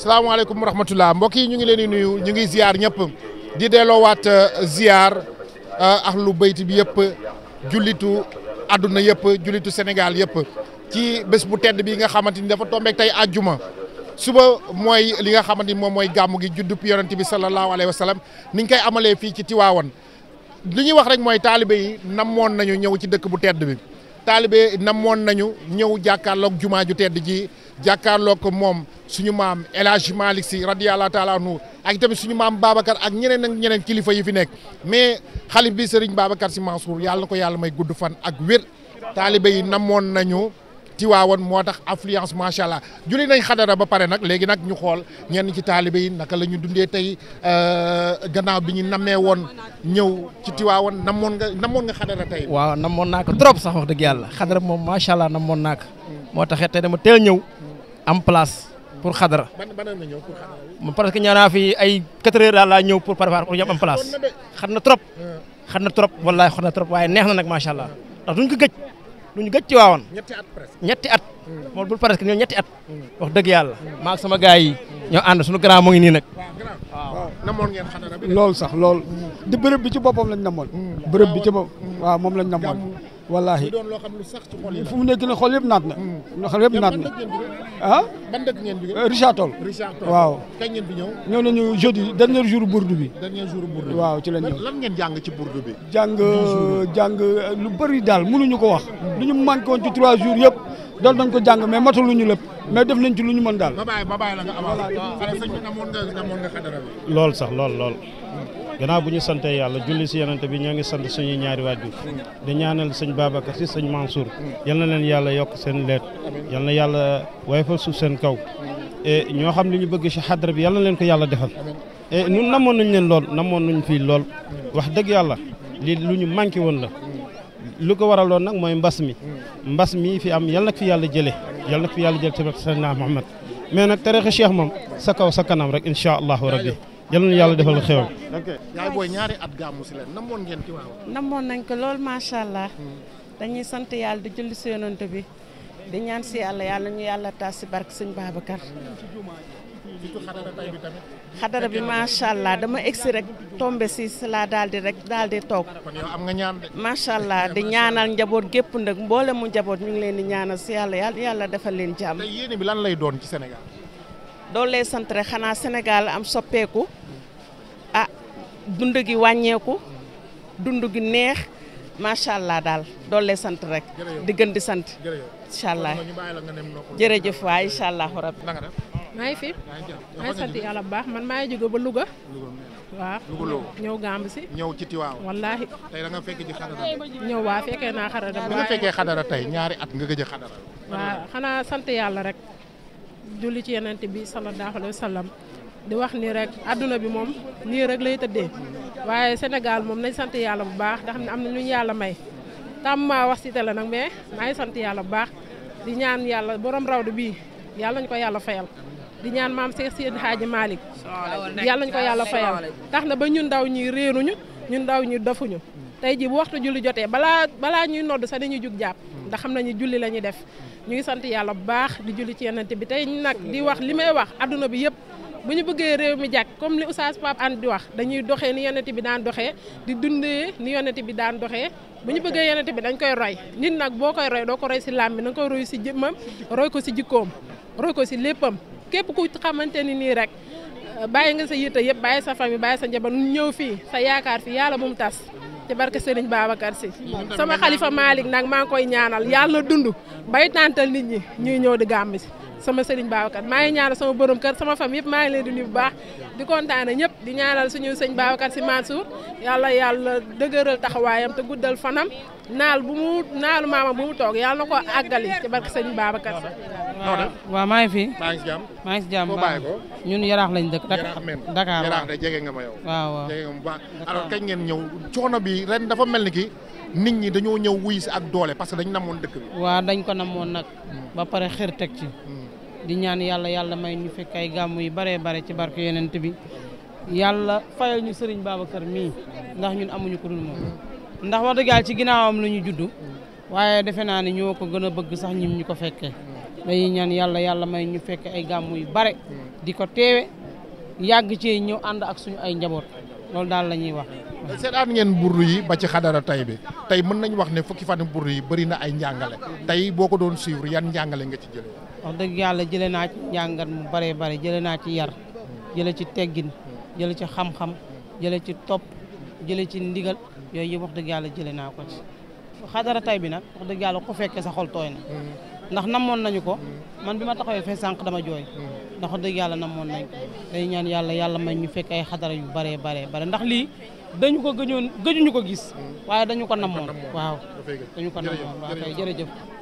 salaamaaleykum wa rahmatulah mbokk yi ñu ngi leen di nuyu ñu ngi ziar ñëpp di delloowaat euh, ziar euh, lu bayti bi yëpp jullitu àdduna yëpp jullitu Sénégal yëpp ci bés bu tedd bi nga xamante ni dafa tombeek tey àjjuma suba mooy li nga xamante ni moom mooy gàmmu gi juddub yonent bi sallallahu alayhi wa sallam ni ñu koy amalee fii ci Tiwaawan ni ñuy wax rek mooy taalibe yi namoon nañu ñëw ci dëkk bu tedd bi taalibe namoon nañu ñëw jàkkaarloog jumaa ju tedd ji. jàkkaarloo ko moom suñu maam El Hadj Malick Sy radiyallahu taala anhu ak tamit suñu maam Babacar ak ñeneen ak ñeneen kilifa yi fi nekk mais xalif bi Serigne Babacar Sy Mansour yàlla ko yàlla may gudd fan ak wér taalibe yi namoon nañu Tiwaawoon moo tax affluence macha allah julli nañ xadara ba pare nag léegi nag ñu xool ñenn ci taalibe yi naka la ñu dundee tey euh, gannaaw bi ñu namee woon ñëw ci Tiwaawoon namoon nga namoon nga xadara tey. waaw namoon naa ko trop sax wax dëgg yàlla xadara moom macha allah namoon naa ko moo taxee tey dama a ñëw. am place pour xadara. ban ban nga ñëw pour xadara. ma parce que ñaanaa fi ay 4 heures daal laa ñëw pour préparer pour ñu am place. xat na trop. Ah. xat na trop wallaahi xat na trop waaye neex na nag macha allah ndax duñ ko gëj duñ gëj ci waawoon. ñetti at presque ñetti at. Hmm. moom bul presque ñoom ñetti at. Hmm. wax dëgg yàlla. maa ak sama gars yi ñoo ànd grand mu ngi nii nag. waaw sax loolu. di bërëb bi ci boppam lañ namoon. Hmm. bërëb bi bopp moom lañ namoon. wallaahi doon loo xam lu sax ci xol yi fu mu nekk nii xol yëpp naat na. loo hmm. xam yëpp naat na ah. ban dëkk ngeen jógee Richard Toll. Richard Toll waaw. kañ ngeen bi ñëw. ñëw nañu jeudi dernier jour bourde bi. waaw ci la ñëw. lan ngeen jàng ci bourde bi. jàng jàng euh, lu bari daal mënuñu ko wax. Hmm. lu ñu manqué woon ci trois jours yëpp. doon nañ ko jàng mais matul lu ñu lépp mais def nañ ci lu ñu mën daal. ba bàyyi ba bàyyi la nga lool sax lool lool gannaaw bu ñu santee yàlla julli si yonent bi ñoo ngi sant suñuy ñaari waajur di ñaanal sëñ Babacar si sëñ Mansour yal na leen yàlla yokk seen leet yal na yàlla wayfal suuf seen kaw e ñoo xam li ñu bëgg si xadara bi yal leen ko yàlla defal nun e namoon nañ leen lool namoon nañ fii lool wax dëgg yàlla li lu ñu manqué woon la lu ko waraloon nag mooy mbas mi mm. mbas mi fi am yal nag fi yàlla jëlee yal nag fi yàlla jël tamit sayyidina Muhammad mais nag tariixa Cheikh moom sa kaw sa kanam rek incha allahu rabbi yal na yàlla defal xéwal. yaay booy ñaari at gàmmu si leen namoon ngeen ci waaw. namoon nañ ko lool macha allah. Mm. dañuy sant yàlla di julli si yonent bi di ñaan si yàlla yàlla ñu yàlla taas si barke sëñ Babacar. xadara bi macha allah dama egsi rek tombe si laa daal rek daal di toog macha allah di ñaanal njaboot gépp nag mboole mu njaboot ñu ngi leen di ñaanal si yàlla yàlla yàlla defal leen jàmm. tey yéene bi lan lay doon ci Sénégal. doolu lay sant rek xanaa Sénégal am soppeeku ah dund gi wàññeeku dund gi neex macha allah daal doolu lay sant rek. di gën di sant. incha allah jërëjëf waay incha allah rabbi maa ngi fi maa ngi sant yàlla bu baax man maa ngi jóge ba Louga. waaw ñëw Gàmbi si. ñëw ci Tiwaawan wallaahi. tey da nga fekk ji ñëw waa fekkee naa xadara waaye. nga fekkee xadara tey ñaari at nga gëj a xadara. waaw xanaa sant yàlla rek. julli ci yenente bi sallallahu alayhi wa sallam di wax nii rek àdduna bi moom nii rek lay tëddee. waaye Sénégal moom nañ sant yàlla bu baax ndax am na lu ñu yàlla may. tam maa wax si télé nag mais maa ngi sant yàlla bu baax di ñaan yàlla borom rawdu bii yàlla ñu ko yàlla fayal. di ñaan maam Seex Seydi Haaji Malick yàlla ñu ko yàlla fayal tax na ba ñun ndaw ñi réeruñu ñu ndaw ñi dofuñu tey jii bu waxtu julli jotee balaa balaa ñuy nodd sax dañuy jug jàpp ndax xam na ñu julli la ñuy def ñu sant yàlla bu baax di julli ci yenante bi tey nag di wax li may wax àdduna bi yëpp bu ñu bëggee réew mi jàkk comme li oustaz Pape Hann di wax dañuy doxee ni yonente bi daan doxee di dundee ni yonente bi daan doxee bu ñu bëggee yonente bi dañ koy roy nit nag boo koy roy doo ko roy si làmbi da nga koy roy si jëmmam roy ko si jikkoom roy ko si léppam képp ku xamante ni nii rek bàyyi nga sa yitte yëpp bàyyi sa famille bàyyi sa njaboot ñëw fii sa yaakaar fii yàlla bu mu tas ci barke baaba Babacar Sy sama xalifa maalik nag maa ngi koy ñaanal yàlla na dund bay tàntal nit ñi ñuy ñëw di gàmm si sama Serigne Babacar maa ngi ñaanal sama borom kër sama famille yëpp maa ngi leen di nuyu bu baax di kontaan ñëpp di ñaanal suñu sëñ Babacar Sy Mansour yàlla yàlla dëgëral taxawaayam te guddal fanam naal bu mu naalu maama bu mu toog yàlla na ko àggali ci barke sëñ Babacar Sy. waa maa ngi fi. maa ngi si jàmm maa ngi si jàmm ñun yaraax lañ dëkk. yaraax même Dakar yaraax de nga ma yow. waaw waaw jege kañ ngeen ñëw coono bi ren dafa mel ni ki nit ñi dañoo ñëw wuy ak doole parce que dañ namoon dëkk bi. waa dañ ko namoon nag. Hmm. ba pare xër teg ci. Hmm. di ñaan yàlla yàlla may ñu fekk ay gàmm yi baree bare ci barke yonent bi yàlla fayal ñu sëriñ Serigne kër mii ndax ñun amuñu ko dul moom ndax wax dëgg yàlla ci ginnaawam la ñu judd waaye defe naa ne ñoo ko gën a bëgg sax ñim ñu ko fekkee dañuy ñaan yàlla yàlla may ñu fekke ay gàmmu yu bare di ko teewe yàgg ci ñëw ànd ak suñu ay njaboot loolu daal la ñuy wax. seetaan ngeen burdu yi ba ci xadara tey bi tey mën nañ wax ne fukki fan burdu yi bari na ay njàngale tey boo ko doon suivre yan njàngale nga ci jëlee. wax dëgg yàlla jëlee naa njàngat mu bare bare jëlee naa ci yar ci teggin. jële ci xam-xam jële ci topp jële ci ndigal yooyu yëpp wax dëgg yàlla jële naa ko ci xadara tay bi nag wax dëgg yàlla ko fekkee sa tooy na mm. ndax namoon nañu ko mm. man bi ma taxawee fee sànq dama jooy mm. ndax wax dëgg yàlla namoon nañ day ñaan yàlla yàlla may ñu fekk ay xadara yu bare bare bare ndax lii dañu ko gëjoon gëjuñu ko gis waaye dañu ko namoon waaw dañu ko namoon waaw kay jërëjëf